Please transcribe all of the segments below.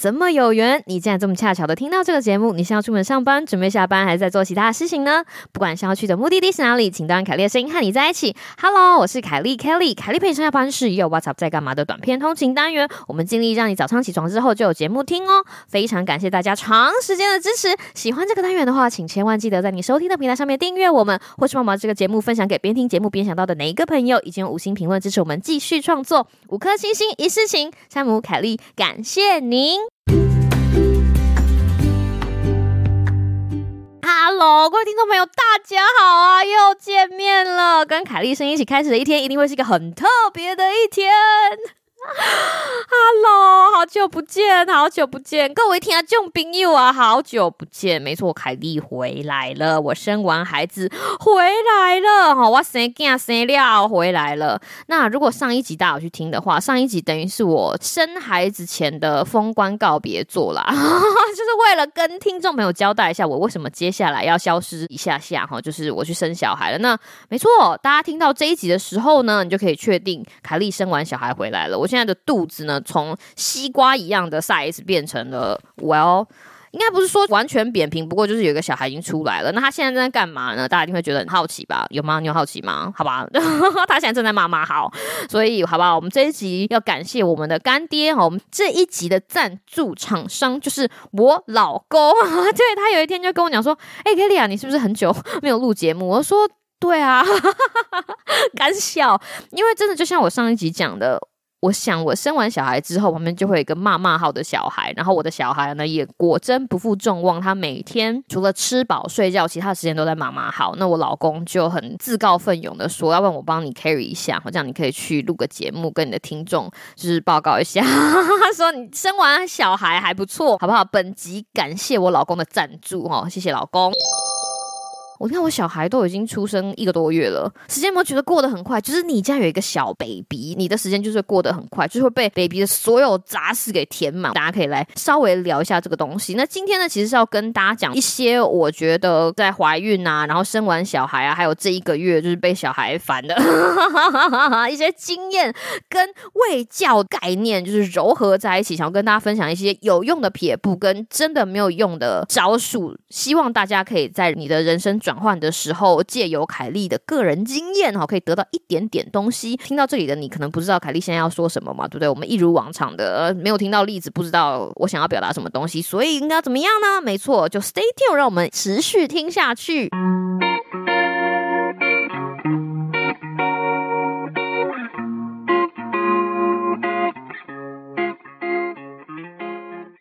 怎麼有緣？你竟然這麼恰巧的聽到這個節目？你是要出門上班，準備下班，還是在做其他的事情呢？不管是要去的目的地是哪裡，請讓凱麗的聲音和你在一起。Hello，我是凱莉 Kelly。凱莉陪你上下班，是也有 WhatsApp 在幹嘛的短片通勤單元。我們盡力讓你早上起床之後就有節目聽哦。非常感謝大家長時間的支持。喜歡這個單元的話，請千萬記得在你收聽的平台上面訂閱我們，或是幫忙這個節目分享給邊聽節目邊想到的哪一個朋友，以及用五星評論支持我們繼續創作。五顆星星一事情，山姆凱莉，感謝您。Hello，各位聽眾朋友，大家好啊！又見面了，跟凱莉聲音一起開始的一天，一定會是一個很特別的一天。 Hello，好久不見，好久不見！各位聽眾朋友啊，好久不見！沒錯，凱莉回來了，我生完孩子回來了，哈，我生，生了。料回來了。那如果上一集大家有去聽的話，上一集等於是我生孩子前的封關告別作啦， 就是為了跟聽眾朋友交代一下，我為什麼接下來要消失一下下哈，就是我去生小孩了。那沒錯，大家聽到這一集的時候呢，你就可以確定凱莉生完小孩回來了。我。現在的肚子呢，從西瓜一樣的 size 變成了 well，應該不是說完全扁平，不過就是有一個小孩已經出來了。那他現在正在幹嘛呢？大家一定會覺得很好奇吧？有嗎？你有好奇嗎？好吧， 他現在正在罵媽好。所以，好不好？我們這一集要感謝我們的乾爹哦。我們這一集的贊助廠商就是我老公。 對，他有一天就跟我講說：“哎，凱莉啊，你是不是很久沒有錄節目？”我說：“對啊，哈哈哈，乾笑。”因為真的就像我上一集講的。我想，我生完小孩之後，旁邊就會有一個罵罵號的小孩。然後我的小孩呢，也果真不負眾望，他每天除了吃飽睡覺，其他時間都在罵罵號。那我老公就很自告奮勇的說：“要不然我幫你 carry 一下，這樣你可以去錄個節目，跟你的聽眾就是報告一下， 他說你生完小孩還不錯，好不好？”本集感謝我老公的贊助哦，謝謝老公。我你看，我小孩都已經出生一個多月了，時間有沒有覺得過得很快？就是你家有一個小 baby，你的時間就是過得很快，就是會被 baby 的所有雜事給填滿。大家可以來稍微聊一下這個東西。那今天呢，其實是要跟大家講一些我覺得在懷孕啊，然後生完小孩啊，還有這一個月就是被小孩煩的，哈哈哈，一些經驗跟衛教概念，就是糅合在一起，想要跟大家分享一些有用的撇步，跟真的沒有用的招數。希望大家可以在你的人生中，轉換的時候，借由凱莉的個人經驗，哈，可以得到一點點東西。聽到這裡的你，可能不知道凱莉現在要說什麼嘛，對不對？我們一如往常的沒有聽到例子，不知道我想要表達什麼東西，所以應該怎麼樣呢？沒錯，就 Stay tuned，讓我們持續聽下去。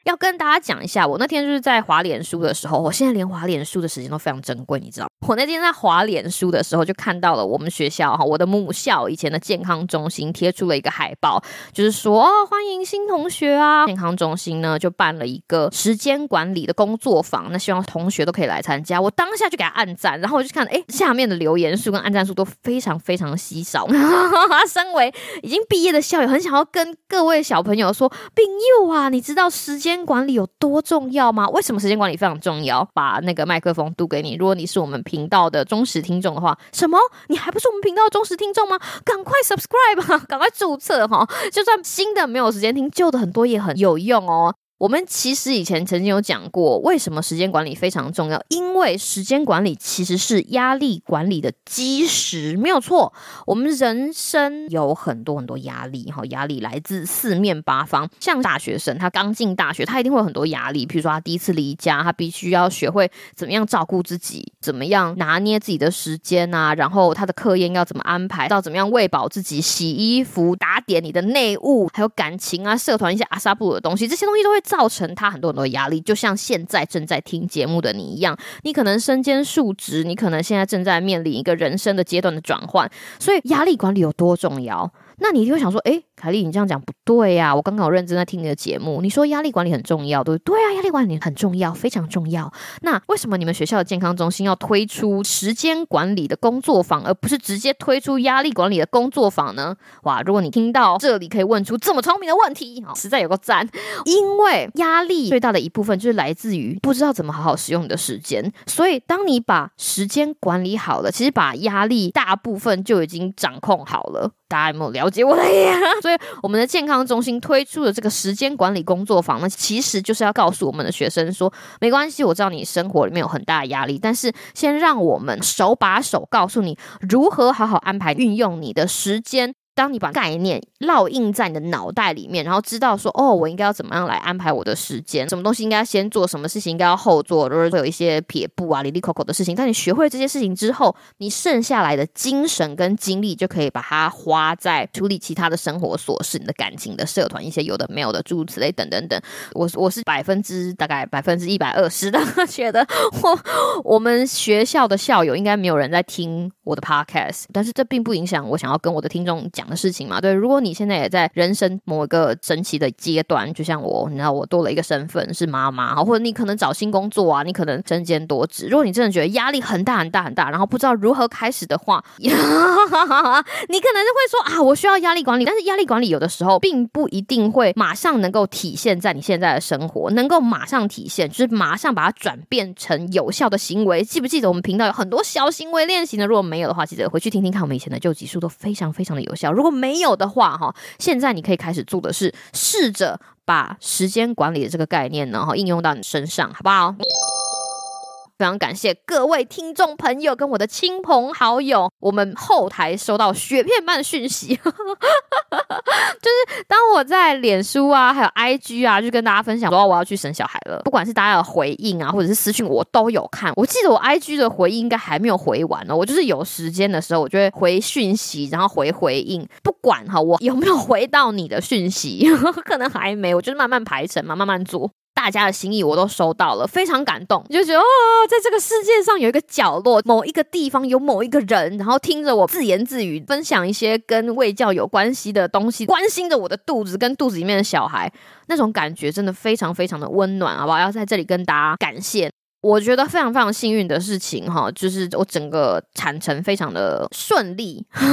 要跟大家講一下，我那天就是在滑臉書的時候，我現在連滑臉書的時間都非常珍貴，你知道？我那天在滑臉書的時候，就看到了我們學校哈，我的母校以前的健康中心貼出了一個海報，就是說、哦、歡迎新同學啊！健康中心呢就辦了一個時間管理的工作坊，那希望同學都可以來參加。我當下就給他按讚，然後我就看，哎、欸，下面的留言數跟按讚數都非常非常稀少。哈 身為已經畢業的校友，很想要跟各位小朋友說，並幼啊，你知道時間。管理有多重要嗎？為什麼時間管理非常重要？把那個麥克風丟給你。如果你是我們頻道的忠實聽眾的話，什麼？你還不是我們頻道的忠實聽眾嗎？趕快 subscribe 啊，趕快注冊哈，哦！就算新的沒有時間聽，舊的很多也很有用哦。我們其實以前曾經有講過，為什麼時間管理非常重要？因為時間管理其實是壓力管理的基石，沒有錯。我們人生有很多很多壓力，哈，壓力來自四面八方。像大學生，他剛進大學，他一定會有很多壓力，比如說他第一次離家，他必須要學會怎麼樣照顧自己，怎麼樣拿捏自己的時間啊，然後他的課業要怎麼安排，到怎麼樣餵飽自己，洗衣服、打點你的內務，還有感情啊、社團一些阿薩布魯的東西，這些東西都會。造成他很多很多壓力，就像現在正在聽節目的你一樣，你可能身兼數職，你可能現在正在面臨一個人生的階段的轉換，所以壓力管理有多重要？那你就會想說，誒、欸。凱莉，你這樣講不對呀、啊！我剛剛有認真在聽你的節目，你說壓力管理很重要，對不對？對啊，壓力管理很重要，非常重要。那為什麼你們學校的健康中心要推出時間管理的工作坊，而不是直接推出壓力管理的工作坊呢？哇，如果你聽到這裡，可以問出這麼聰明的問題，實在有個讚。因為壓力最大的一部分就是來自於不知道怎麼好好使用你的時間，所以當你把時間管理好了，其實把壓力大部分就已經掌控好了。大家有沒有了解我的呀？因為我們的健康中心推出的這個時間管理工作坊呢，其實就是要告訴我們的學生說，沒關係，我知道你生活裡面有很大的壓力，但是先讓我們手把手告訴你如何好好安排運用你的時間。當你把概念烙印在你的腦袋裡面，然後知道說哦，我應該要怎麼樣來安排我的時間，什麼東西應該先做，什麼事情應該要後做，或者會有一些撇步啊、零零扣扣的事情。但你學會這些事情之後，你剩下來的精神跟精力就可以把它花在處理其他的生活瑣事、是你的感情的社團、一些有的沒有的諸如此類等等等。我我是百分之大概百分之一百二十的覺得我，我我們學校的校友應該沒有人在聽我的 podcast，但是這並不影響我想要跟我的聽眾講的事情嘛，對，如果你現在也在人生某一個神奇的階段，就像我，你知道我多了一個身份是媽媽，好，或者你可能找新工作啊，你可能身兼多職。如果你真的覺得壓力很大很大很大，然後不知道如何開始的話， 你可能就會說啊，我需要壓力管理。但是壓力管理有的時候並不一定會馬上能夠體現在你現在的生活，能夠馬上體現，就是馬上把它轉變成有效的行為。記不記得我們頻道有很多小行為練習呢？如果沒有的話，記得回去聽聽看，我們以前的舊集數都非常非常的有效。如果沒有的話，哈，現在你可以開始做的是，試着把時間管理的這個概念呢，哈，應用到你身上，好不好？非常感謝各位聽眾朋友跟我的親朋好友，我們後台收到雪片般的訊息， 就是當我在臉書啊，還有 IG 啊，就跟大家分享說我要去生小孩了，不管是大家的回應啊，或者是私訊，我都有看。我記得我 IG 的回應應該還沒有回完呢，我就是有時間的時候，我就會回訊息，然後回回應，不管哈我有沒有回到你的訊息， 可能還沒，我就是慢慢排程嘛，慢慢做。大家的心意我都收到了，非常感動，你就覺得哦，在這個世界上有一個角落，某一個地方有某一個人，然後聽着我自言自語，分享一些跟衛教有關係的東西，關心着我的肚子跟肚子裡面的小孩，那種感覺真的非常非常的溫暖，好不好？要在這裡跟大家感謝。我覺得非常非常幸運的事情，哈，就是我整個產程非常的順利。哈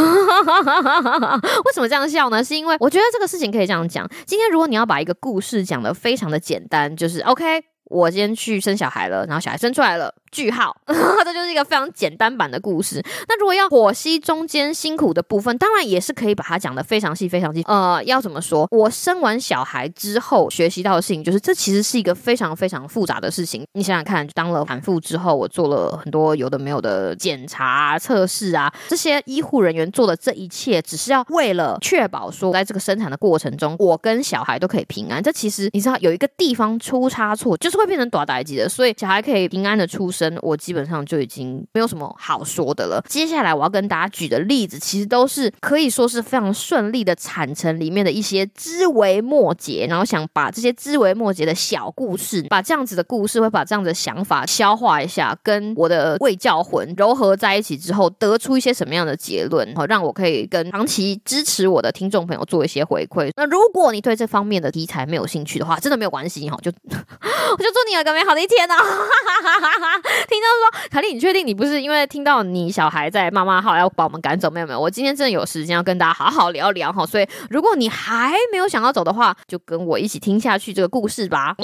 哈哈哈哈，為什麼這樣笑呢？是因為我覺得這個事情可以這樣講：今天如果你要把一個故事講得非常的簡單，就是 OK，我今天去生小孩了，然後小孩生出來了。句號，呵呵，這就是一個非常簡單版的故事。那如果要剖析中間辛苦的部分，當然也是可以把它講得非常細、非常細。呃，要怎麼說？我生完小孩之後學習到的事情，就是這其實是一個非常非常複雜的事情。你想想看，當了產婦之後，我做了很多有的沒有的檢查、啊、測試啊，這些醫護人員做的這一切，只是要為了確保說，在這個生產的過程中，我跟小孩都可以平安。這其實你知道，有一個地方出差錯，就是會變成短大擊的，所以小孩可以平安的出生，生我基本上就已經沒有什麼好說的了。接下來我要跟大家舉的例子，其實都是可以說是非常順利的產程裡面的一些枝微末節，然後想把這些枝微末節的小故事，把這樣子的故事，會把這樣子的想法消化一下，跟我的衛教魂融合在一起之後，得出一些什麼樣的結論，好，讓我可以跟長期支持我的聽眾朋友做一些回饋。那如果你對這方面的題材沒有興趣的話，真的沒有關係，好，就 我就祝你有個美好的一天呢、哦。 聽到說，凱莉，你確定你不是因為聽到你小孩在媽媽號要把我們趕走？沒有沒有，我今天真的有時間要跟大家好好聊聊哈。所以，如果你還沒有想要走的話，就跟我一起聽下去這個故事吧。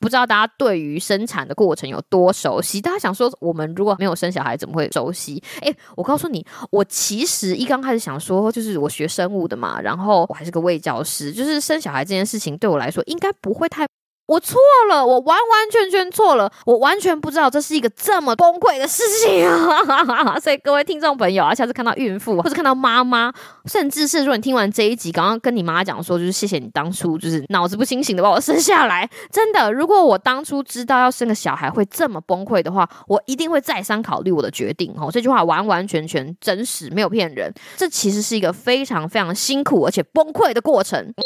不知道大家對於生產的過程有多熟悉？大家想說，我們如果沒有生小孩，怎麼會熟悉？哎，我告訴你，我其實一剛開始想說，就是我學生物的嘛，然後我還是個衛教師，就是生小孩這件事情對我來說應該不會太。我錯了，我完完全全錯了，我完全不知道這是一個這麼崩潰的事情啊！ 所以各位聽眾朋友啊，下次看到孕婦或者看到媽媽，甚至是如果你聽完這一集，剛剛跟你媽媽講說，就是謝謝你當初就是腦子不清醒的把我生下來。真的，如果我當初知道要生個小孩會這麼崩潰的話，我一定會再三考慮我的決定哦。這句話完完全全真實，沒有騙人。這其實是一個非常非常辛苦而且崩潰的過程。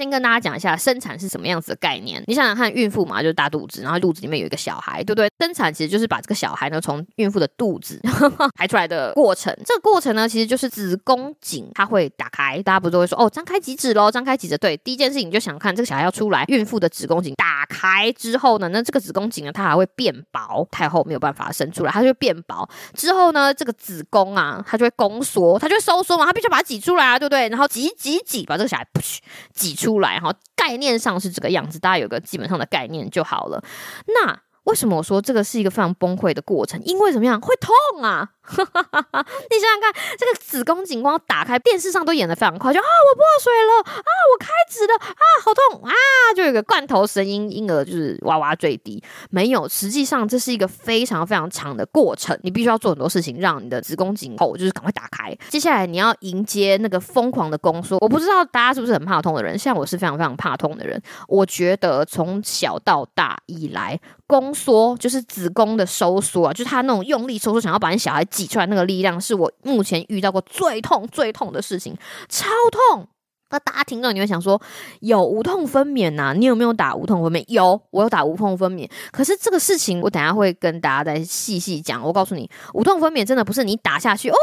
先跟大家講一下生產是什麼樣子的概念。你想想看，孕婦嘛，就是大肚子，然後肚子裡面有一個小孩，對不對？生產其實就是把這個小孩呢從孕婦的肚子 排出來的過程。這個過程呢，其實就是子宮頸它會打開。大家不是都會說哦，張開幾指咯，張開幾指。對，第一件事情你就想看這個小孩要出來，孕婦的子宮頸打開之後呢，那這個子宮頸呢，它還會變薄，太厚沒有辦法生出來，它就會變薄。之後呢，這個子宮啊，它就會宮縮，它就會收縮嘛，它必須把它擠出來啊，對不對？然後擠擠擠，把這個小孩 p u 擠出。出來哈，概念上是這個樣子，大家有個基本上的概念就好了。那為什麼我說這個是一個非常崩潰的過程？因為怎麼樣？會痛啊！哈哈哈哈，你想想看，這個子宮頸光打開，電視上都演得非常快，就啊，我破水了啊，我開指了啊，好痛啊，就有個罐頭聲音，嬰兒就是哇哇墜地。沒有，實際上這是一個非常非常長的過程，你必須要做很多事情，讓你的子宮頸口就是趕快打開。接下來你要迎接那個瘋狂的宮縮。我不知道大家是不是很怕痛的人，像我是非常非常怕痛的人。我覺得從小到大以來，宮縮就是子宮的收縮啊，就是他那種用力收縮，想要把你小孩。擠出來那個力量是我目前遇到過最痛、最痛的事情，超痛！那大家聽到你會想說，有無痛分娩吶、啊？你有沒有打無痛分娩？有，我有打無痛分娩。可是這個事情，我等下會跟大家再細細講。我告訴你，無痛分娩真的不是你打下去哦，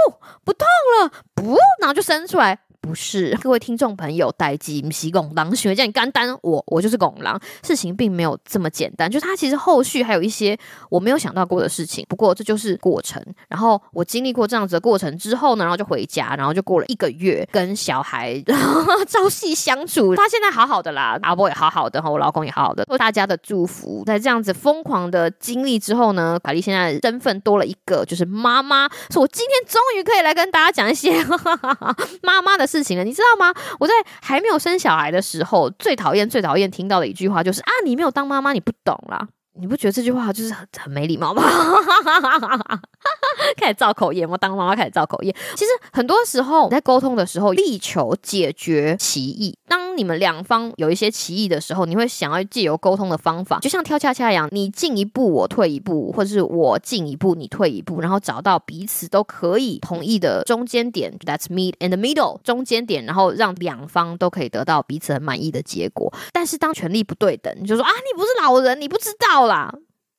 不痛了，不，然後就生出來。不是，各位聽眾朋友，代誌，不是拱狼學，叫你干單，我，我就是戇人。事情並沒有這麼簡單，就是、他其實後續還有一些我沒有想到過的事情。不過這就是過程。然後我經歷過這樣子的過程之後呢，然後就回家，然後就過了一個月，跟小孩 朝夕相處。他現在好好的啦，阿波也好好的，我老公也好好的。大家的祝福，在這樣子瘋狂的經歷之後呢，凱莉現在身份多了一個，就是媽媽。所以我今天終於可以來跟大家講一些媽 媽的事。事情了，你知道嗎？我在還沒有生小孩的時候，最討厭、最討厭聽到的一句話就是：啊，你沒有當媽媽，你不懂啦！你不覺得這句話就是很、很沒禮貌嗎？ 開始造口業，我當媽媽開始造口業。其實很多時候在溝通的時候，力求解決歧義。當你們兩方有一些歧異的時候，你會想要借由溝通的方法，就像跳恰恰一樣，你進一步我退一步，或者是我進一步你退一步，然後找到彼此都可以同意的中間點，that's meet in the middle 中間點，然後讓兩方都可以得到彼此很滿意的結果。但是當權力不對等，你就說啊，你不是老人，你不知道啦。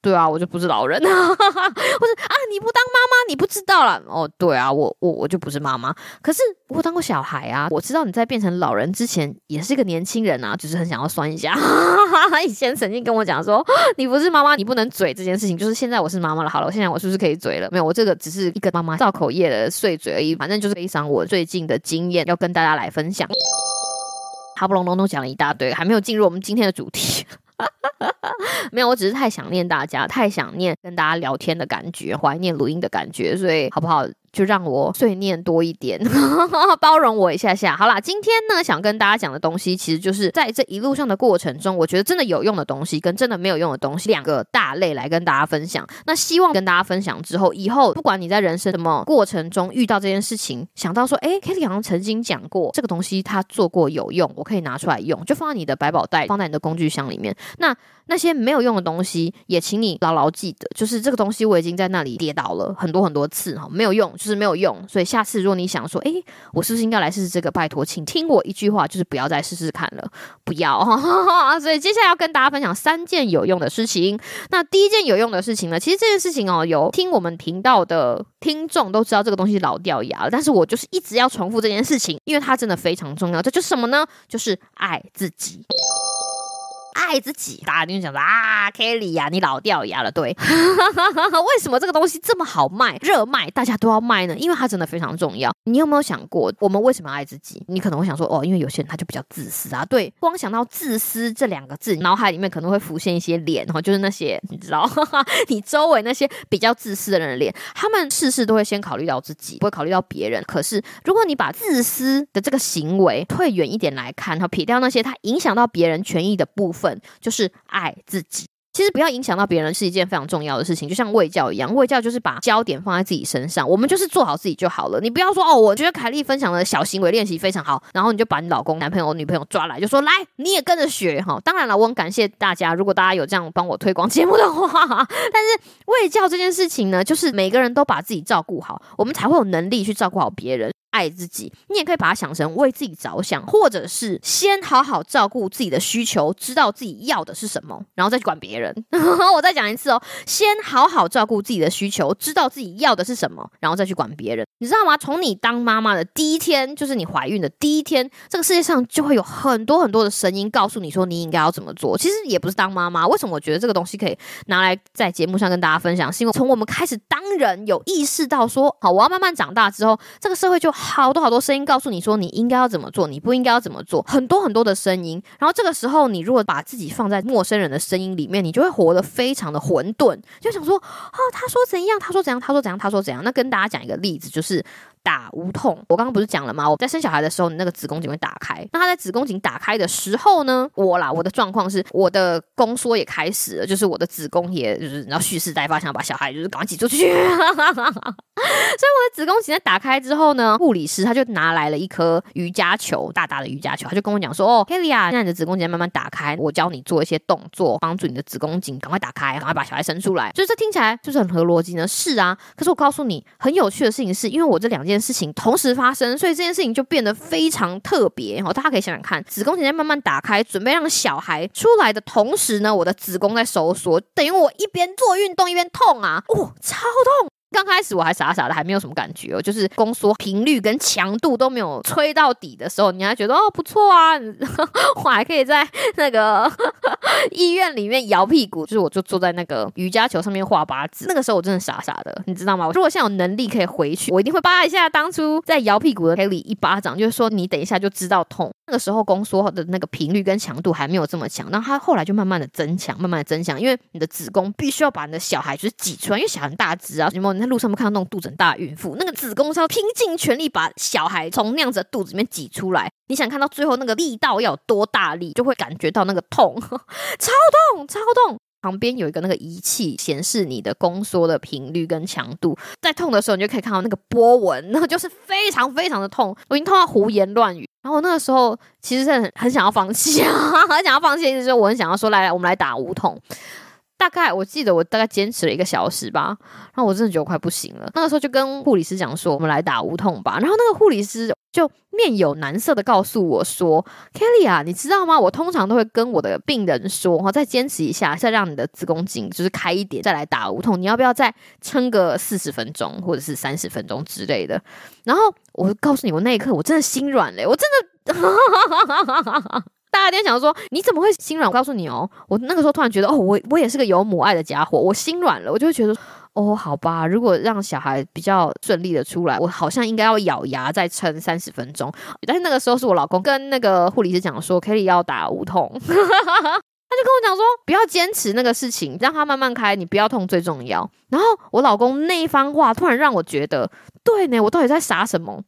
對啊，我就不是老人啊，或 者啊，你不當媽媽，你不知道了。哦，對啊，我我我就不是媽媽，可是我當過小孩啊，我知道你在變成老人之前，也是一個年輕人啊，只、就是很想要酸一下。以 前曾經跟我講說，你不是媽媽，你不能嘴這件事情，就是現在我是媽媽了。好了，我現在我是不是可以嘴了？沒有，我這個只是一個媽媽造口業的碎嘴而已，反正就是分享我最近的經驗，要跟大家來分享。哈不隆隆隆講了一大堆，還沒有進入我們今天的主題。 沒有，我只是太想念大家太想念跟大家聊天的感覺，懷念錄音的感覺，所以好不好？就讓我碎念多一點， 包容我一下下。好啦，今天呢，想跟大家講的東西，其實就是在這一路上的過程中，我覺得真的有用的東西跟真的沒有用的東西兩個大類來跟大家分享。那希望跟大家分享之後，以後不管你在人生什麼過程中遇到這件事情，想到說，誒，凱莉好像曾經講過這個東西，他做過有用，我可以拿出來用，就放在你的百寶袋，放在你的工具箱裡面。那那些沒有用的東西，也請你牢牢記得，就是這個東西我已經在那裡跌倒了很多很多次，哈，沒有用。是沒有用，所以下次如果你想說，誒、欸，我是不是應該來試試這個？拜託，請聽我一句話，就是不要再試試看了，不要。 所以接下來要跟大家分享三件有用的事情。那第一件有用的事情呢？其實這件事情哦、喔，有聽我們頻道的聽眾都知道這個東西老掉牙了，但是我就是一直要重複這件事情，因為它真的非常重要。這就是什麼呢？就是愛自己。愛自己，大家一定想說啊，Kelly 呀、啊，你老掉牙了，對？ 為什麼這個東西這麼好賣，熱賣，大家都要賣呢？因為它真的非常重要。你有沒有想過，我們為什麼愛自己？你可能會想說，哦，因為有些人他就比較自私啊，對？光想到自私這兩個字，腦海裡面可能會浮現一些臉，然後就是那些你知道， 你周圍那些比較自私的人的臉，他們事事都會先考慮到自己，不會考慮到別人。可是，如果你把自私的這個行為退遠一點來看，然後撇掉那些它影響到別人權益的部分。就是愛自己，其實不要影響到別人是一件非常重要的事情。就像餵教一樣，餵教就是把焦點放在自己身上，我們就是做好自己就好了。你不要說哦，我覺得凱莉分享的小行為練習非常好，然後你就把你老公、男朋友、女朋友抓來，就說來你也跟着學哈、哦。當然了，我很感謝大家，如果大家有這樣幫我推廣節目的話。但是餵教這件事情呢，就是每個人都把自己照顧好，我們才會有能力去照顧好別人。愛自己，你也可以把它想成為自己着想，或者是先好好照顧自己的需求，知道自己要的是什麼，然後再去管別人。 我再講一次哦，先好好照顧自己的需求，知道自己要的是什麼，然後再去管別人。你知道嗎？從你當媽媽的第一天，就是你懷孕的第一天，這個世界上就會有很多很多的聲音告訴你說你應該要怎麼做。其實也不是當媽媽，為什麼我覺得這個東西可以拿來在節目上跟大家分享？是因為從我們開始當人有意識到說，好，我要慢慢長大之後，這個社會就好。好多好多聲音告訴你說你應該要怎麼做，你不應該要怎麼做，很多很多的聲音。然後這個時候，你如果把自己放在陌生人的聲音裡面，你就會活得非常的混沌，就想說，哦，他說，他說怎樣，他說怎樣，他說怎樣，他說怎樣。那跟大家講一個例子，就是。打無痛，我剛剛不是講了嗎？我在生小孩的時候，那個子宮頸會打開。那他在子宮頸打開的時候呢，我啦，我的狀況是，我的宮縮也開始了，就是我的子宮也就是然後蓄勢待發，想要把小孩就是趕快擠出去。哈哈哈，所以我的子宮頸在打開之後呢，護理師他就拿來了一顆瑜伽球，大大的瑜伽球，他就跟我講說：“哦凱莉，現在你的子宮頸慢慢打開，我教你做一些動作，幫助你的子宮頸趕快打開，趕快把小孩生出來。”就是這聽起來就是很合邏輯呢，是啊。可是我告訴你，很有趣的事情是因為我這兩。這件事情同時發生，所以這件事情就變得非常特別哈。大家可以想想看，子宮頸在慢慢打開，準備讓小孩出來的同時呢，我的子宮在收縮，等於我一邊做運動一邊痛啊，哦，超痛！剛開始我還傻傻的，還沒有什麼感覺哦，就是宮縮頻率跟強度都沒有吹到底的時候，你還覺得哦不錯啊你呵呵，我還可以在那個呵呵醫院裡面搖屁股，就是我就坐在那個瑜伽球上面畫八字。那個時候我真的傻傻的，你知道嗎？我如果現在有能力可以回去，我一定會巴一下當初在搖屁股的 Kelly 一巴掌，就是說你等一下就知道痛。那個時候宮縮的那個頻率跟強度還沒有這麼強，那它後來就慢慢的增強，慢慢的增強，因為你的子宮必須要把你的小孩就是擠出來，因為小孩大只啊，什麼？你在路上不看到那種肚子很大的孕婦，那個子宮是要拼盡全力把小孩從那樣子的肚子裡面擠出來。你想看到最後那個力道要有多大力，就會感覺到那個痛，超痛，超痛。旁邊有一個那個儀器顯示你的宮縮的頻率跟強度，在痛的時候你就可以看到那個波紋，然後就是非常非常的痛，我已經痛到胡言亂語。然後我那個時候其實是很很想要放棄啊，很想要放棄的意思就是我很想要說來來，我們來打無痛。大概我記得我大概堅持了一個小時吧，然後我真的覺得快不行了。那個時候就跟護理師講說，我們來打無痛吧。然後那個護理師。就面有難色的告訴我說：“Kelly 啊，你知道嗎？我通常都會跟我的病人說，然後，再堅持一下，再讓你的子宮頸就是開一點，再來打無痛。你要不要再撐個四十分鐘，或者是三十分鐘之類的？”然後我告訴你，我那一刻我真的心軟嘞，我真的哈哈哈哈哈哈。 大家都想說，你怎麼會心軟？我告訴你哦，我那個時候突然覺得，哦，我我也是個有母愛的家伙，我心軟了，我就會覺得，哦，好吧，如果讓小孩比較順利的出來，我好像應該要咬牙再撐三十分鐘。但是那個時候是我老公跟那個護理師講說可以 要打無痛， 他就跟我講說，不要堅持那個事情，讓他慢慢開，你不要痛最重要。然後我老公那一番話，突然讓我覺得，對呢，我到底在傻什麼？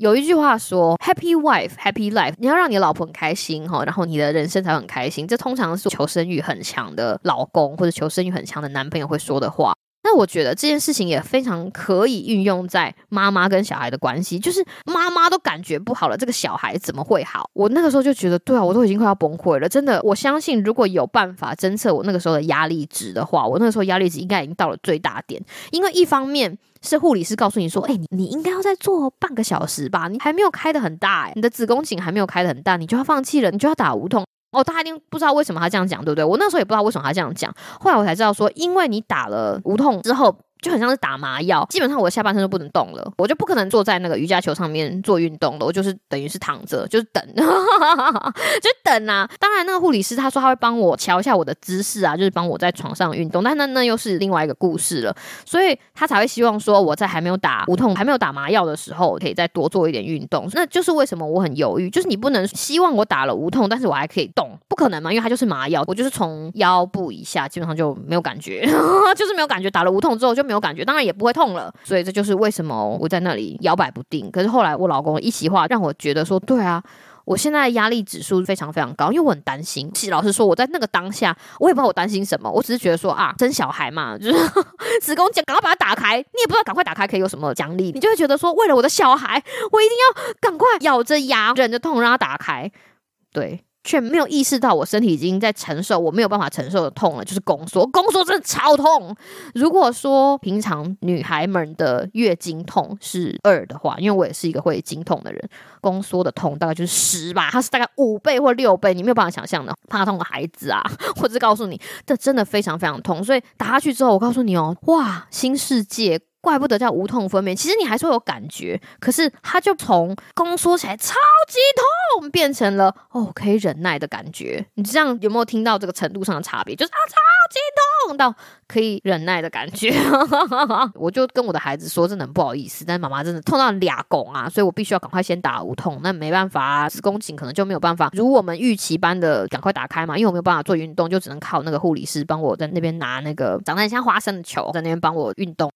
有一句話說：“Happy wife, happy life。”你要讓你的老婆很開心哈，然後你的人生才很開心。這通常是求生欲很強的老公或者求生欲很強的男朋友會說的話。那我覺得這件事情也非常可以運用在媽媽跟小孩的關係，就是媽媽都感覺不好了，這個小孩怎麼會好？我那個時候就覺得，對啊，我都已經快要崩潰了，真的。我相信如果有辦法偵測我那個時候的壓力值的話，我那個時候壓力值應該已經到了最大點，因為一方面是護理師告訴你說，哎、欸，你你應該要再做半個小時吧，你還沒有開得很大，欸，你的子宮頸還沒有開得很大，你就要放棄了，你就要打無痛。哦，他一定不知道為什麼他這樣講，對不對？我那時候也不知道為什麼他這樣講，後來我才知道說，因為你打了無痛之後。就很像是打麻藥，基本上我的下半身就不能動了，我就不可能坐在那個瑜伽球上面做運動了，我就是等於是躺着，就是等， 就是等啊。當然，那個護理師他說他會幫我喬一下我的姿勢啊，就是幫我在床上運動，但那那又是另外一個故事了，所以他才會希望說我在還沒有打無痛、還沒有打麻藥的時候，可以再多做一點運動。那就是為什麼我很猶豫，就是你不能希望我打了無痛，但是我還可以動，不可能嘛，因為它就是麻藥，我就是從腰部以下基本上就沒有感覺， 就是沒有感覺，打了無痛之後就。沒有感覺，當然也不會痛了，所以這就是為什麼我在那裡搖擺不定。可是後來我老公一席話讓我覺得說，對啊，我現在壓力指數非常非常高，因為我很擔心。其實老實說，我在那個當下我也不知道我擔心什麼，我只是覺得說啊，生小孩嘛，就是 子宮頸趕快把它打開，你也不知道趕快打開可以有什麼獎勵，你就會覺得說，為了我的小孩，我一定要趕快咬着牙忍着痛讓它打開，對。卻沒有意識到，我身體已經在承受我沒有辦法承受的痛了，就是宮縮，宮縮真的超痛。如果說平常女孩們的月經痛是二的話，因為我也是一個會經痛的人，宮縮的痛大概就是十吧，它是大概五倍或六倍，你沒有辦法想象的。怕痛的孩子啊，我只告訴你，這真的非常非常痛。所以打下去之後，我告訴你哦，哇，新世界。怪不得叫無痛分娩，其實你還是會有感覺，可是它就從宮縮起來超級痛，變成了哦，可以忍耐的感覺。你這樣有沒有聽到這個程度上的差別？就是啊，超級痛到。可以忍耐的感覺。 我就跟我的孩子說，真的很不好意思，但媽媽真的痛到倆拱啊，所以我必須要趕快先打無痛。那沒辦法啊，子宮頸可能就沒有辦法如我們預期般的趕快打開嘛，因為我沒有辦法做運動，就只能靠那個護理師幫我在那邊拿那個長得很像花生的球，在那邊幫我運動。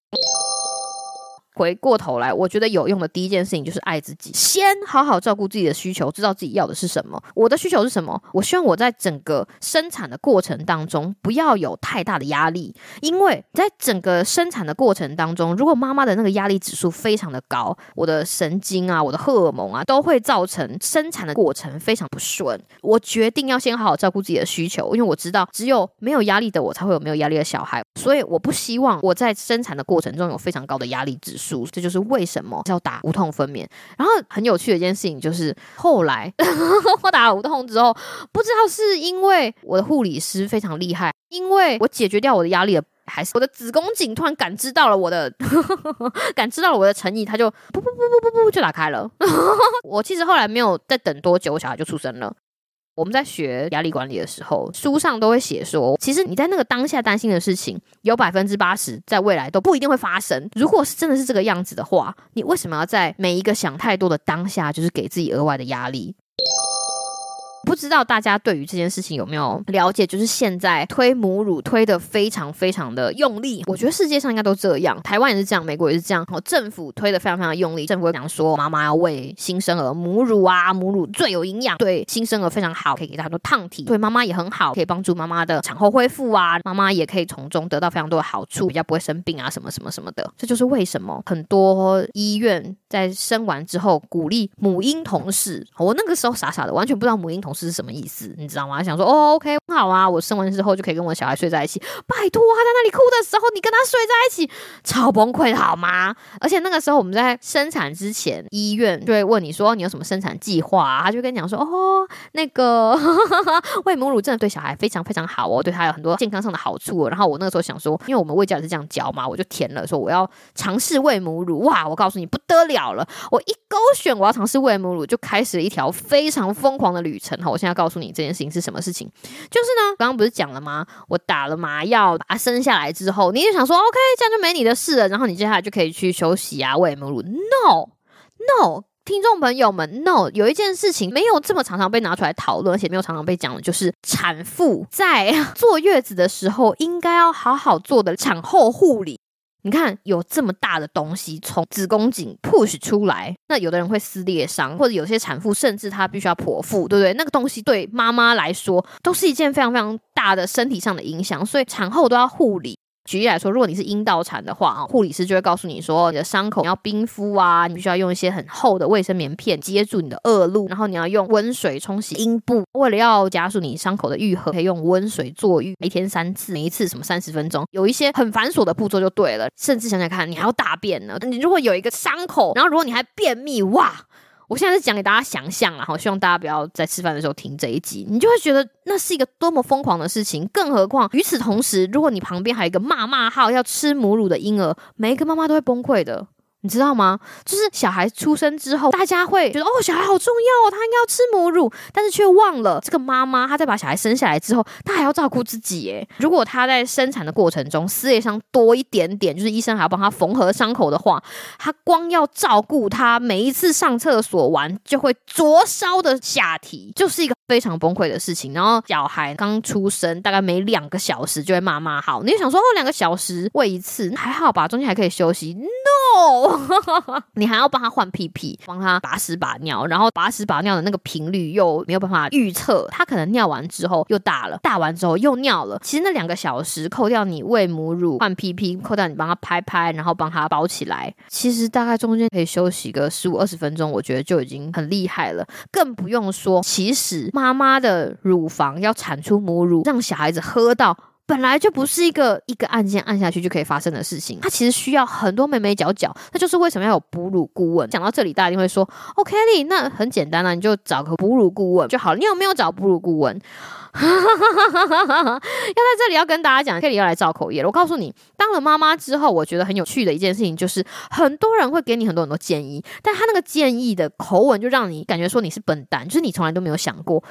回過頭來，我覺得有用的第一件事情就是愛自己，先好好照顧自己的需求，知道自己要的是什麼。我的需求是什麼？我希望我在整個生產的過程當中不要有太大的壓力，因為在整個生產的過程當中，如果媽媽的那個壓力指數非常的高，我的神經啊，我的荷爾蒙啊，都會造成生產的過程非常不順。我決定要先好好照顧自己的需求，因為我知道，只有沒有壓力的我，才會有沒有壓力的小孩。所以，我不希望我在生產的過程中有非常高的壓力指數。這就是為什麼要打無痛分娩。然後很有趣的一件事情就是，後來呵呵我打了無痛之後，不知道是因為我的護理師非常厲害，因為我解決掉我的壓力了，還是我的子宮頸突然感知到了我的，呵呵呵感知到了我的誠意，它就不不不不不不就打開了呵呵。我其實後來沒有再等多久，我小孩就出生了。我們在學壓力管理的時候，書上都會寫說，其實你在那個當下擔心的事情，有百分之八十在未來都不一定會發生。如果是真的是這個樣子的話，你為什麼要在每一個想太多的當下，就是給自己額外的壓力？不知道大家對於這件事情有沒有了解？就是現在推母乳推的非常非常的用力，我覺得世界上應該都這樣，台灣也是這樣，美國也是這樣。然後政府推的非常非常用力，政府會講說媽媽要餵新生兒母乳啊，母乳最有營養，對新生兒非常好，可以給他做抗體，對媽媽也很好，可以幫助媽媽的產後恢復啊，媽媽也可以從中得到非常多的好處，比較不會生病啊，什麼什麼什麼的。這就是為什麼很多醫院在生完之後鼓勵母嬰同室。我那個時候傻傻的，完全不知道母嬰同室。是什麼意思？你知道嗎？想說哦，OK，好啊，我生完之後就可以跟我的小孩睡在一起。拜託啊，他在那裡哭的時候，你跟他睡在一起，超崩潰的，好嗎？而且那個時候我們在生產之前，醫院就會問你說，你有什麼生產計劃啊，他就跟你講說哦，那個餵母乳真的對小孩非常非常好哦，對他有很多健康上的好處哦。然後我那個時候想說，因為我們喂家也是這樣教嘛，我就填了說我要嘗試餵母乳。哇，我告訴你不得了了，我一勾選我要嘗試餵母乳，就開始了一條非常瘋狂的旅程哦。我現在告訴你這件事情是什麼事情，就是呢，剛剛不是講了嗎？我打了麻藥，把它生下來之後，你就想說 OK，這樣就沒你的事了，然後你接下來就可以去休息啊，餵母乳。No，No，no! 聽眾朋友們，No，有一件事情沒有這麼常常被拿出來討論，而且沒有常常被講的，就是產婦在坐月子的時候應該要好好做的產後護理。你看，有這麼大的東西從子宮頸 push 出來，那有的人會撕裂傷，或者有些產婦甚至她必須要剖腹，對不對？那個東西對媽媽來說都是一件非常非常大的身體上的影響，所以產後都要護理。舉例來說，如果你是陰道產的話啊，護理師就會告訴你說，你的傷口你要冰敷啊，你必須要用一些很厚的衛生棉片接住你的惡露，然後你要用溫水沖洗陰部。為了要加速你傷口的癒合，可以用溫水坐浴，每天三次，每一次什麼三十分鐘，有一些很繁瑣的步驟就對了。甚至想想看，你還要大便呢，你如果有一個傷口，然後如果你還便秘，哇！我現在是講給大家想象，然後希望大家不要在吃飯的時候聽這一集，你就會覺得那是一個多麼瘋狂的事情。更何況，與此同時，如果你旁邊還有一個罵罵號要吃母乳的嬰兒，每一個媽媽都會崩潰的。你知道嗎？就是小孩出生之後，大家會覺得哦，小孩好重要哦，他應該要吃母乳，但是卻忘了這個媽媽，她在把小孩生下來之後，她還要照顧自己。哎，如果她在生產的過程中撕裂傷多一點點，就是醫生還要幫他縫合傷口的話，她光要照顧他，每一次上廁所完就會灼燒的下體，就是一個非常崩潰的事情。然後小孩剛出生，大概每兩個小時就會媽媽好，你就想說哦，兩個小時餵一次還好吧，中間還可以休息。No。 你還要幫他換屁屁，幫他把屎把尿，然後把屎把尿的那個頻率又沒有辦法預測，他可能尿完之後又大了，大完之後又尿了。其實那兩個小時扣掉你餵母乳、換屁屁，扣掉你幫他拍拍，然後幫他包起來，其實大概中間可以休息個十五二十分鐘，我覺得就已經很厲害了，更不用說，其實媽媽的乳房要產出母乳讓小孩子喝到。本來就不是一個一個按鍵按下去就可以發生的事情，它其實需要很多眉眉角角。那就是為什麼要有哺乳顧問？講到這裡，大家一定會說：“哦，Kelly，那很簡單啊，你就找個哺乳顧問就好了。”你有沒有找哺乳顧問？ 要在這裡要跟大家講，Kelly 要來造口業了。我告訴你，當了媽媽之後，我覺得很有趣的一件事情就是，很多人會給你很多很多建議，但他那個建議的口吻就讓你感覺說你是笨蛋，就是你從來都沒有想過。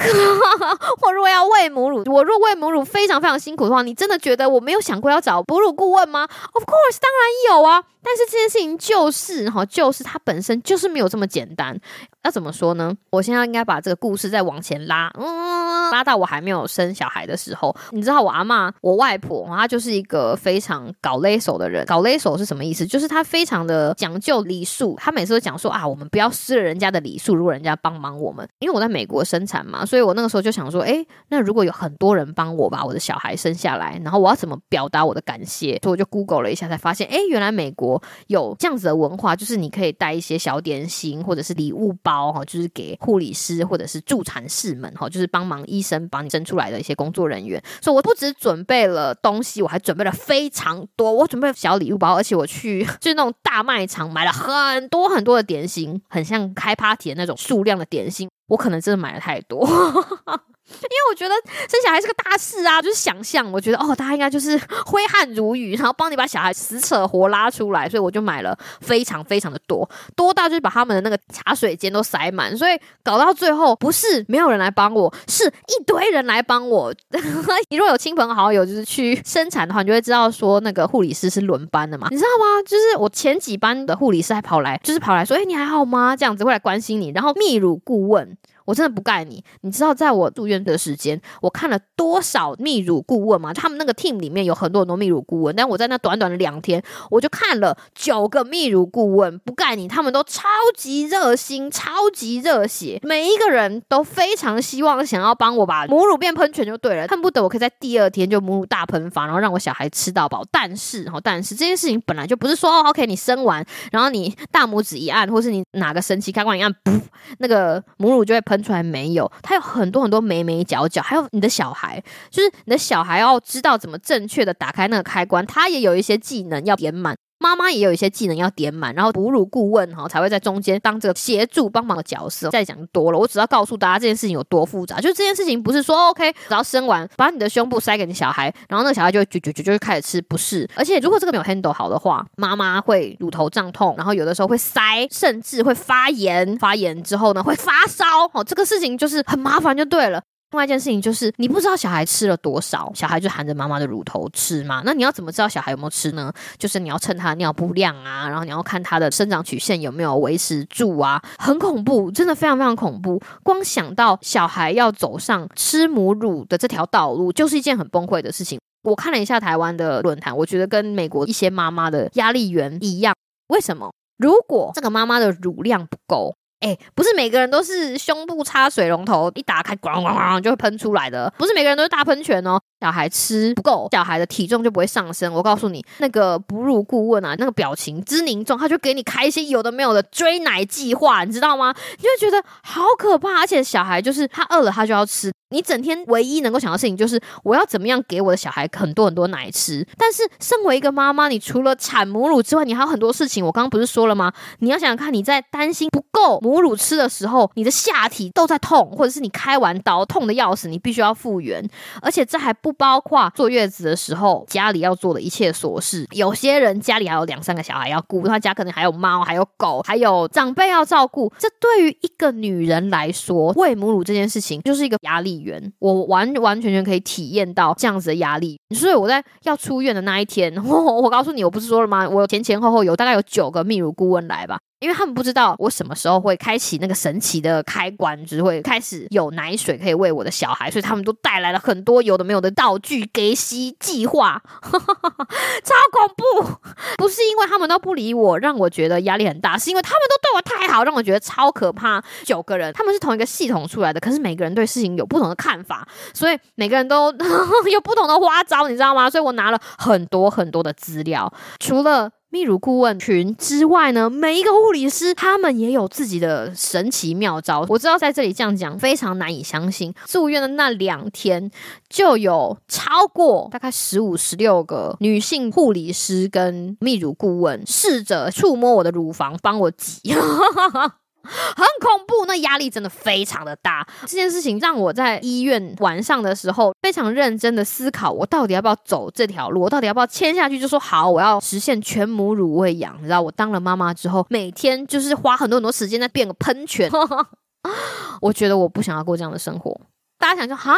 我如果要餵母乳，我若餵母乳非常非常辛苦的話，你真的覺得我沒有想過要找哺乳顧問嗎？Of course，當然有啊。但是這件事情就是哈，就是它本身就是沒有這麼簡單。要怎麼說呢？我現在應該把這個故事再往前拉，嗯，拉到我還沒有生小孩的時候。你知道我阿嬤，我外婆，她就是一個非常搞勒手的人。搞勒手是什麼意思？就是她非常的講究禮數。她每次都講說啊，我們不要失了人家的禮數。如果人家幫忙我們，因為我在美國生產嘛。所以我那個時候就想說，哎，那如果有很多人幫我把我的小孩生下來，然後我要怎麼表達我的感謝？所以我就 Google 了一下，才發現，哎，原來美國有這樣子的文化，就是你可以帶一些小點心或者是禮物包，哈、哦，就是給護理師或者是助產士們，哈、哦，就是幫忙醫生把你生出來的一些工作人員。所以我不只準備了東西，我還準備了非常多，我準備了小禮物包，而且我去就是那種大賣場買了很多很多的點心，很像開 party 的那種數量的點心。我可能真的買了太多，哈哈哈。因為我覺得生小孩是個大事啊，就是想象，我覺得哦，他應該就是揮汗如雨，然後幫你把小孩死扯活拉出來，所以我就買了非常非常的多，多到就是把他們的那個茶水間都塞滿，所以搞到最後不是沒有人來幫我，是一堆人來幫我。 你若有親朋好友就是去生產的話，你就會知道說那個護理師是輪班的嘛，你知道嗎？就是我前幾班的護理師還跑來，就是跑來說：“誒、欸，你還好嗎？”這樣子會來關心你，然後泌乳顧問。我真的不蓋你，你知道在我住院的時間，我看了多少泌乳顧問嗎？他們那個 team 裡面有很多很多泌乳顧問，但我在那短短的兩天，我就看了九個泌乳顧問。不蓋你，他們都超級熱心，超級熱血，每一個人都非常希望想要幫我把母乳變噴泉就對了，恨不得我可以在第二天就母乳大噴發，然後讓我小孩吃到飽。但是哈，但是這件事情本來就不是說哦，OK，你生完，然後你大拇指一按，或是你哪個神奇開關一按，噗，那個母乳就會噴。出來沒有？它有很多很多眉眉角角，還有你的小孩，就是你的小孩要知道怎麼正確的打開那個開關，他也有一些技能要點滿。媽媽也有一些技能要點滿，然後哺乳顧問哈、哦、才會在中間當這個協助幫忙的角色。再講多了，我只要告訴大家這件事情有多複雜。就這件事情不是說、哦、OK，只要生完把你的胸部塞給你小孩，然後那個小孩就就就就開始吃，不是。而且如果這個沒有 handle 好的話，媽媽會乳頭脹痛，然後有的時候會塞，甚至會發炎。發炎之後呢，會發燒。哦，這個事情就是很麻煩，就對了。另外一件事情就是，你不知道小孩吃了多少，小孩就含着媽媽的乳頭吃嘛。那你要怎麼知道小孩有沒有吃呢？就是你要稱他的尿布量啊，然後你要看他的生長曲線有沒有維持住啊。很恐怖，真的非常非常恐怖。光想到小孩要走上吃母乳的這條道路，就是一件很崩潰的事情。我看了一下台灣的論壇，我覺得跟美國一些媽媽的壓力源一樣。為什麼？如果這個媽媽的乳量不夠。哎、欸，不是每個人都是胸部插水龍頭一打開，咣咣咣就會噴出來的，不是每個人都是大噴泉哦。小孩吃不夠，小孩的體重就不會上升。我告訴你，那個哺乳顧問啊，那個表情之凝重，他就給你開一些有的沒有的追奶計劃，你知道嗎？你就覺得好可怕。而且小孩就是他餓了，他就要吃。你整天唯一能夠想到的事情就是我要怎麼樣給我的小孩很多很多奶吃。但是身為一個媽媽，你除了產母乳之外，你還有很多事情。我剛剛不是說了嗎？你要想想看，你在擔心不夠母乳吃的時候，你的下體都在痛，或者是你開完刀痛得要死，你必須要復原，而且這還不。不包括坐月子的時候，家裡要做的一切瑣事。有些人家裡還有兩三個小孩要顧，他家可能還有貓，還有狗，還有長輩要照顧。這對於一個女人來說，餵母乳這件事情就是一個壓力源。我完完全全可以體驗到這樣子的壓力。所以我在要出院的那一天，我我告訴你，我不是說了嗎？我前前後後有大概有九個泌乳顧問來吧。因為他們不知道我什麼時候會開啟那個神奇的開關，就會開始有奶水可以餵我的小孩，所以他們都帶來了很多有的沒有的道具。給吸計劃， 超恐怖！不是因為他們都不理我，讓我覺得壓力很大，是因為他們都對我太好，讓我覺得超可怕。九個人，他們是同一個系統出來的，可是每個人對事情有不同的看法，所以每個人都 有不同的花招，你知道嗎？所以我拿了很多很多的資料，除了。泌乳顧問群之外呢，每一個護理師他們也有自己的神奇妙招。我知道在這裡這樣講非常難以相信。住院的那兩天，就有超過大概十五、十六個女性護理師跟泌乳顧問試着觸摸我的乳房，幫我擠。 很恐怖，那壓力真的非常的大。這件事情讓我在醫院晚上的時候非常認真的思考，我到底要不要走這條路？我到底要不要簽下去？就說好，我要實現全母乳餵養。你知道，我當了媽媽之後，每天就是花很多很多時間在變個噴泉。 我覺得我不想要過這樣的生活。大家想說哈？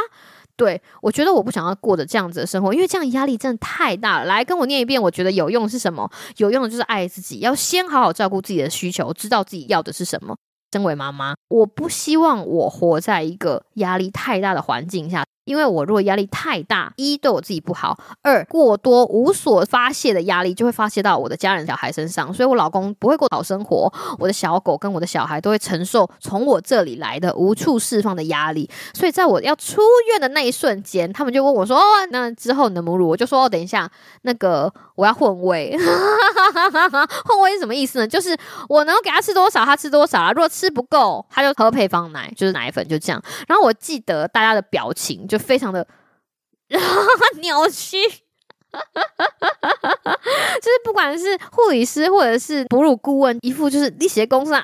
對，我覺得我不想要過着這樣子的生活，因為這樣壓力真的太大了。來，跟我念一遍，我覺得有用的是什麼？有用的就是愛自己，要先好好照顧自己的需求，知道自己要的是什麼。身為媽媽，我不希望我活在一個壓力太大的環境下。因為我如果壓力太大，一對我自己不好，二過多無所發洩的壓力就會發洩到我的家人、小孩身上，所以我老公不會過好生活，我的小狗跟我的小孩都會承受從我這裡來的無處釋放的壓力。所以在我要出院的那一瞬間，他們就問我說：“哦，那之後你的母乳？”我就說：“哦，等一下，那個我要混餵。 ’‘混餵是什麼意思呢？就是我能給他吃多少，他吃多少啊。如果吃不夠，他就喝配方奶，就是奶粉，就這樣。然後我記得大家的表情就。非常的扭曲， 鳥屈笑就是不管是護理師或者是哺乳顧問，一副就是你咧講啥，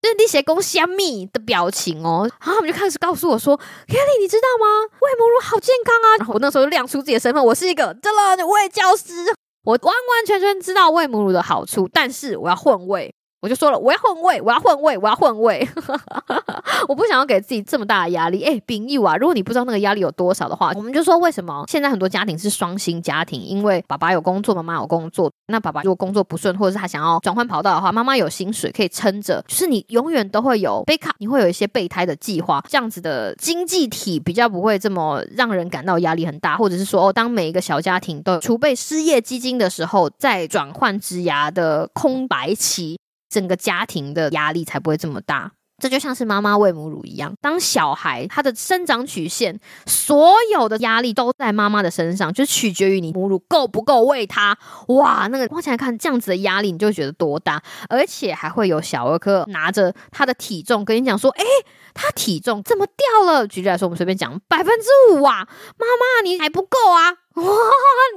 就是你咧講蝦米的表情哦。然後他們就開始告訴我說：“Kelly， 你知道嗎？餵母乳好健康啊！”然後我那時候就亮出自己的身份，我是一個真的衛教師，我完完全全知道餵母乳的好處，但是我要混餵。我就說了，我要換位，我要換位，我要換位， 我不想要給自己這麼大的壓力。哎，餅一娃，如果你不知道那個壓力有多少的話，我們就說為什麼現在很多家庭是雙薪家庭？因為爸爸有工作，媽媽有工作。那爸爸如果工作不順，或者是他想要轉換跑道的話，媽媽有薪水可以撐着。就是你永遠都會有備卡，你會有一些備胎的計劃，這樣子的經濟體比較不會這麼讓人感到壓力很大，或者是說，哦，當每一個小家庭都有儲備失業基金的時候，在轉換職涯的空白期。整個家庭的壓力才不會這麼大，這就像是媽媽餵母乳一樣。當小孩他的生長曲線，所有的壓力都在媽媽的身上，就取決於你母乳夠不夠餵他。哇，那個往前看，這樣子的壓力你就會覺得多大，而且還會有小兒科拿着他的體重跟你講說：“哎，他體重怎麼掉了？”舉例來說，我們隨便講百分之五啊，媽媽你還不夠啊。哇，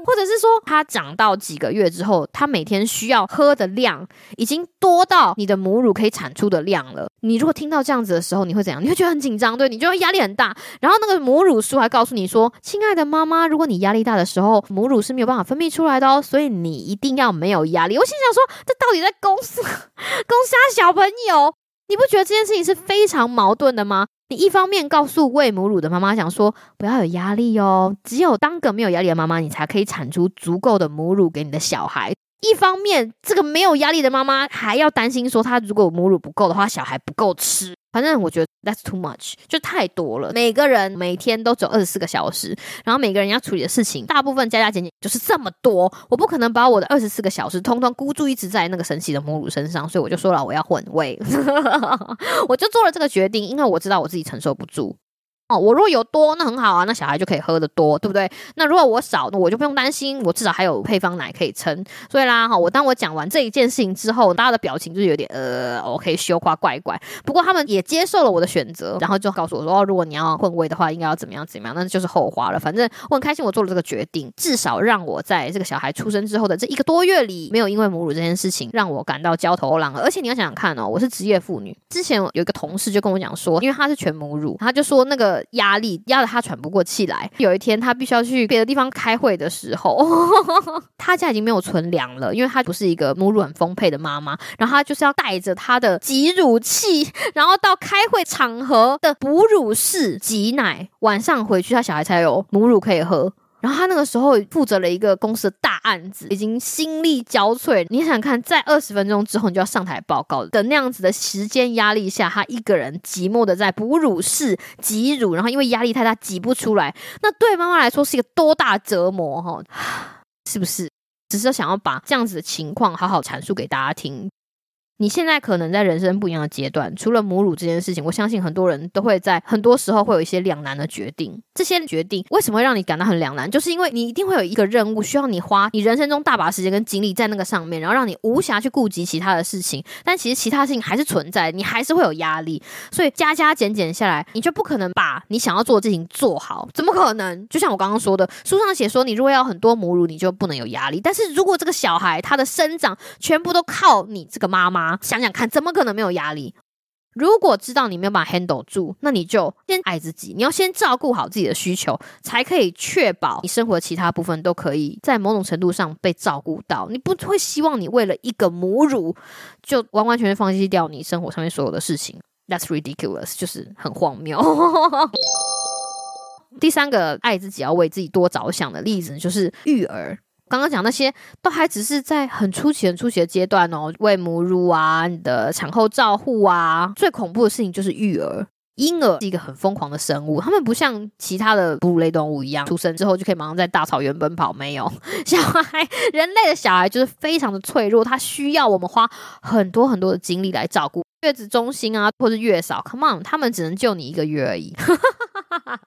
或者是說，他長到幾個月之後，他每天需要喝的量已經多到你的母乳可以產出的量了。你如果聽到這樣子的時候，你會怎樣？你會覺得很緊張，對？你就會壓力很大。然後那個母乳書還告訴你說：“親愛的媽媽，如果你壓力大的時候，母乳是沒有辦法分泌出來的哦，所以你一定要沒有壓力。”我心想說，這到底在供三小、供三小朋友？你不覺得這件事情是非常矛盾的嗎？你一方面告訴餵母乳的媽媽，想說不要有壓力哦，只有當個沒有壓力的媽媽，你才可以產出足夠的母乳給你的小孩。一方面，這個沒有壓力的媽媽還要擔心說，她如果母乳不夠的話，小孩不夠吃。反正我覺得 that's too much，就太多了。每個人每天都只有二十四個小時，然後每個人要處理的事情，大部分加加減減就是這麼多。我不可能把我的二十四個小時通通通孤注一擲在那個神奇的母乳身上，所以我就說了，我要混餵， 我就做了這個決定，因為我知道我自己承受不住。哦，我如果有多，那很好啊，那小孩就可以喝得多，對不對？那如果我少，那我就不用擔心，我至少還有配方奶可以撐。所以啦，哈、哦，我當我講完這一件事情之後，大家的表情就是有點呃，OK、哦、羞誇怪怪。不過他們也接受了我的選擇，然後就告訴我說，哦，如果你要混餵的話，應該要怎麼樣怎麼樣，那就是後話了。反正我很開心，我做了這個決定，至少讓我在這個小孩出生之後的這一個多月裡，沒有因為母乳這件事情讓我感到焦頭爛額。而且你要想想看哦，我是職業婦女，之前有一個同事就跟我講說，因為她是全母乳，她就說那個。壓力壓得他喘不過氣來。有一天，他必須要去別的地方開會的時候，哦、呵呵呵，他家已經沒有存糧了，因為他不是一個母乳很豐沛的媽媽。然後他就是要帶着他的擠乳器，然後到開會場合的哺乳室擠奶，晚上回去他小孩才有母乳可以喝。然後他那個時候負責了一個公司的大案子，已經心力交瘁。你想想看，在二十分鐘之後你就要上台報告的那樣子的時間壓力下，他一個人寂寞的在哺乳室擠乳，然後因為壓力太大擠不出來，那對媽媽來說是一個多大的折磨哈？是不是？只是想要把這樣子的情況好好闡述給大家聽。你現在可能在人生不一樣的階段，除了母乳這件事情，我相信很多人都會在很多時候會有一些兩難的決定。這些決定為什麼會讓你感到很兩難？就是因為你一定會有一個任務需要你花你人生中大把時間跟精力在那個上面，然後讓你無暇去顧及其他的事情。但其實其他的事情還是存在，你還是會有壓力，所以加加減減下來，你就不可能把你想要做的事情做好，怎麼可能？就像我剛剛說的，書上寫說，你如果要很多母乳，你就不能有壓力。但是如果這個小孩他的生長全部都靠你這個媽媽。想想看，怎麼可能沒有壓力？如果知道你沒有辦法 handle 住，那你就先愛自己，你要先照顧好自己的需求，才可以確保你生活的其他部分都可以在某種程度上被照顧到。你不會希望你為了一個母乳就完完全全放棄掉你生活上面所有的事情，That's ridiculous，就是很荒謬。 第三個愛自己要為自己多着想的例子就是育兒。剛剛講那些都還只是在很初期、很初期的階段哦，喂母乳啊，你的產後照護啊，最恐怖的事情就是育兒。嬰兒是一個很瘋狂的生物，他們不像其他的哺乳類動物一樣，出生之後就可以馬上在大草原奔跑，沒有。小孩，人類的小孩就是非常的脆弱，他需要我們花很多很多的精力來照顧。月子中心啊，或是月嫂，Come on，他們只能救你一個月而已。哈哈哈哈哈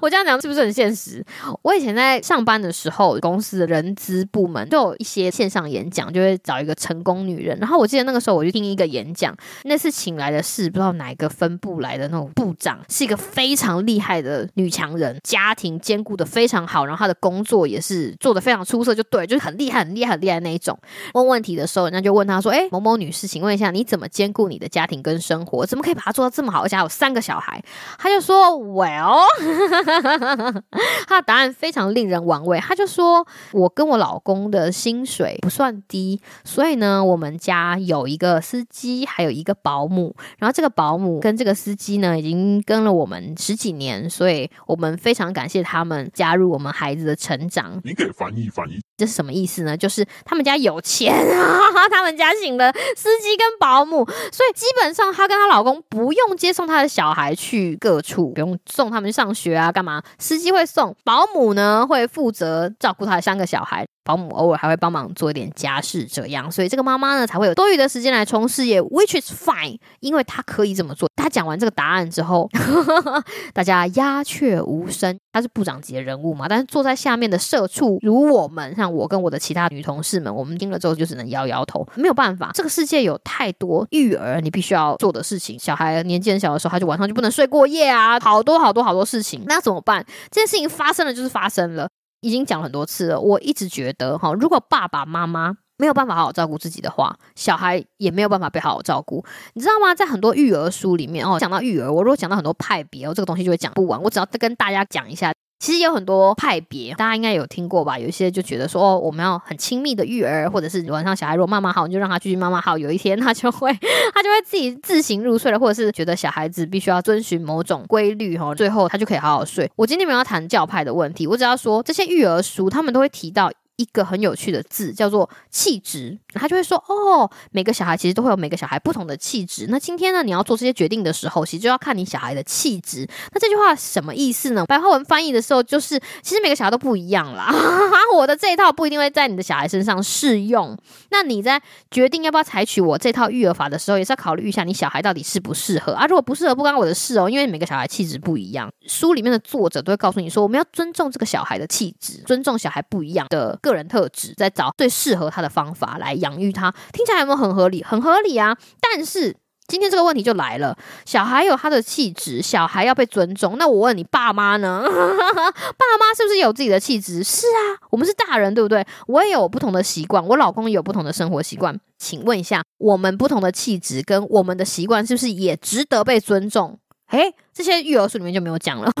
我這樣講是不是很現實？我以前在上班的時候，公司的人資部門就有一些線上演講，就會找一個成功女人。然後我記得那個時候，我就聽一個演講，那次請來的是不知道哪一個分部來的那種部長，是一個非常厲害的女強人，家庭兼顧得非常好，然後她的工作也是做得非常出色，就對，就是很厲害、很厲害、很厲害那一種。問問題的時候，人家就問她說：“哎，某某女士，請問一下，你怎麼兼顧你的家庭跟生活？怎麼可以把它做到這麼好？而且還有三個小孩？”她就說：“Well。”哈， 他的答案非常令人玩味。他就說：“我跟我老公的薪水不算低，所以呢，我們家有一個司機，還有一個保姆。然後這個保姆跟這個司機呢，已經跟了我們十幾年，所以我們非常感謝他們加入我們孩子的成長。”你可以翻譯翻譯，這是什麼意思呢？就是他們家有錢啊，他們家請的司機跟保姆，所以基本上她跟她老公不用接送他的小孩去各處，不用送他們去上學，學啊幹嘛？司機會送，保姆呢會負責照顧他的三個小孩，保姆偶爾還會幫忙做一點家事，這樣，所以這個媽媽呢，才會有多餘的時間來衝事業，which is fine，因為她可以這麼做。他講完這個答案之後，呵呵呵，大家鴉雀無聲。他是部長級的人物嘛，但是坐在下面的社畜如我們，像我跟我的其他女同事們，我們聽了之後就只能搖搖頭，沒有辦法。這個世界有太多育兒你必須要做的事情，小孩年紀很小的時候，他就晚上就不能睡過夜啊，好多好多好多事情。那怎麼辦？這件事情發生了就是發生了，已經講了很多次了。我一直覺得，哈，如果爸爸媽媽沒有辦法好好照顧自己的話，小孩也沒有辦法被好好照顧，你知道嗎？在很多育兒書裡面哦，講到育兒，我如果講到很多派別哦，我這個東西就會講不完。我只要再跟大家講一下，其實也有很多派別，大家應該有聽過吧？有一些就覺得說哦，我們要很親密的育兒，或者是晚上小孩如果媽媽好，你就讓他繼續媽媽好，有一天他就會他就會自己自行入睡了，或者是覺得小孩子必須要遵循某種規律哦，最後他就可以好好睡。我今天沒有要談教派的問題，我只要說這些育兒書，他們都會提到。一個很有趣的字叫做氣質，他就會說：“哦，每個小孩其實都會有每個小孩不同的氣質。那今天呢，你要做這些決定的時候，其實就要看你小孩的氣質。那這句話什麼意思呢？白話文翻譯的時候，就是其實每個小孩都不一樣啦。 我的這一套不一定會在你的小孩身上適用。那你在決定要不要採取我這套育兒法的時候，也是要考慮一下你小孩到底適不適合啊。如果不適合，不關我的事哦，因為每個小孩氣質不一樣。書裡面的作者都會告訴你說，我們要尊重這個小孩的氣質，尊重小孩不一樣的。”個人特質，在找最適合他的方法來養育他，聽起來有沒有很合理？很合理啊！但是今天這個問題就來了：小孩有他的氣質，小孩要被尊重。那我問你，爸媽呢？ 爸媽是不是有自己的氣質？是啊，我們是大人，對不對？我也有不同的習慣，我老公也有不同的生活習慣。請問一下，我們不同的氣質跟我們的習慣，是不是也值得被尊重？誒、欸，這些育兒書裡面就沒有講了。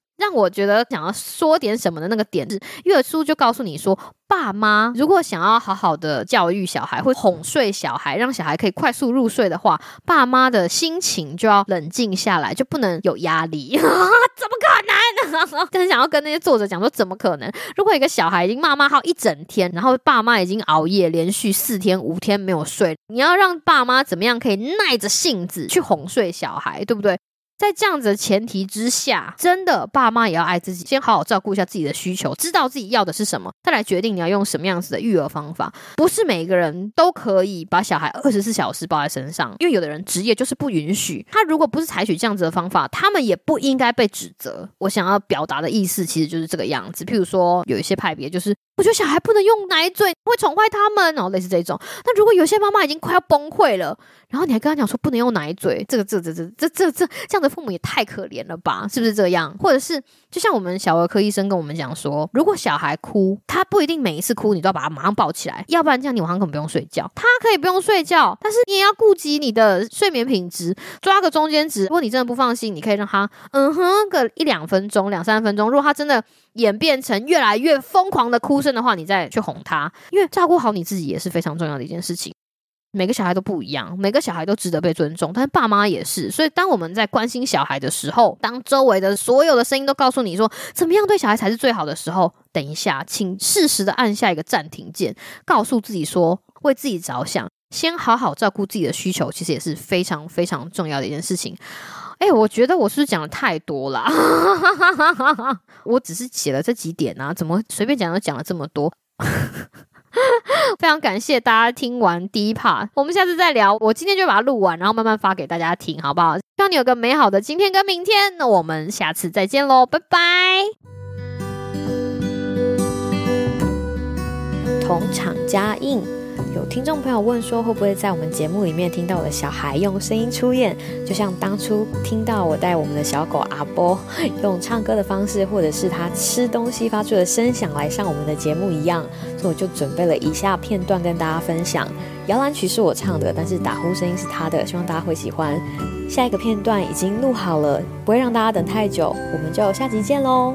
讓我覺得想要說點什麼的那個點是，是育兒書就告訴你說，爸媽如果想要好好的教育小孩，會哄睡小孩，讓小孩可以快速入睡的話，爸媽的心情就要冷靜下來，就不能有壓力。 怎麼可能？ 就是想要跟那些作者講說，怎麼可能？如果一個小孩已經罵罵號一整天，然後爸媽已經熬夜連續四天五天沒有睡，你要讓爸媽怎麼樣可以耐着性子去哄睡小孩，對不對？在這樣子的前提之下，真的爸媽也要愛自己，先好好照顧一下自己的需求，知道自己要的是什麼，再來決定你要用什麼樣子的育兒方法。不是每一個人都可以把小孩二十四小時抱在身上，因為有的人職業就是不允許。他如果不是採取這樣子的方法，他們也不應該被指責。我想要表達的意思其實就是這個樣子。譬如說，有一些派別就是我覺得小孩不能用奶嘴，會寵壞他們，然後類似這種。那如果有些媽媽已經快要崩潰了。然後你還跟他講說不能用奶嘴，這個這個、這個、這這這這這樣的父母也太可憐了吧，是不是這樣？或者是就像我們小兒科醫生跟我們講說，如果小孩哭，他不一定每一次哭你都要把他馬上抱起來，要不然這樣你晚上根本不用睡覺。他可以不用睡覺，但是你也要顧及你的睡眠品質，抓個中間值。如果你真的不放心，你可以讓他嗯哼個一兩分鐘、兩三分鐘。如果他真的演變成越來越瘋狂的哭聲的話，你再去哄他，因為照顧好你自己也是非常重要的一件事情。每個小孩都不一樣，每個小孩都值得被尊重，但是爸媽也是。所以，當我們在關心小孩的時候，當周圍的所有的聲音都告訴你說怎麼樣對小孩才是最好的時候，等一下，請適時的按下一個暫停鍵，告訴自己說，為自己着想，先好好照顧自己的需求，其實也是非常非常重要的一件事情。誒、欸，我覺得我是不是講的太多了， 我只是寫了這幾點啊，怎麼隨便講都講了這麼多？ 非常感謝大家聽完第一 part，我們下次再聊。我今天就把它錄完，然後慢慢發給大家聽，好不好？希望你有個美好的今天跟明天。那我們下次再見嘍，拜拜。同場加映。有聽眾朋友問說，會不會在我們節目裡面聽到我的小孩用聲音出演？就像當初聽到我帶我們的小狗阿波用唱歌的方式，或者是他吃東西發出的聲響來上我們的節目一樣，所以我就準備了以下片段跟大家分享。搖籃曲是我唱的，但是打呼聲音是他的，希望大家會喜歡。下一個片段已經錄好了，不會讓大家等太久，我們就下集見嘍。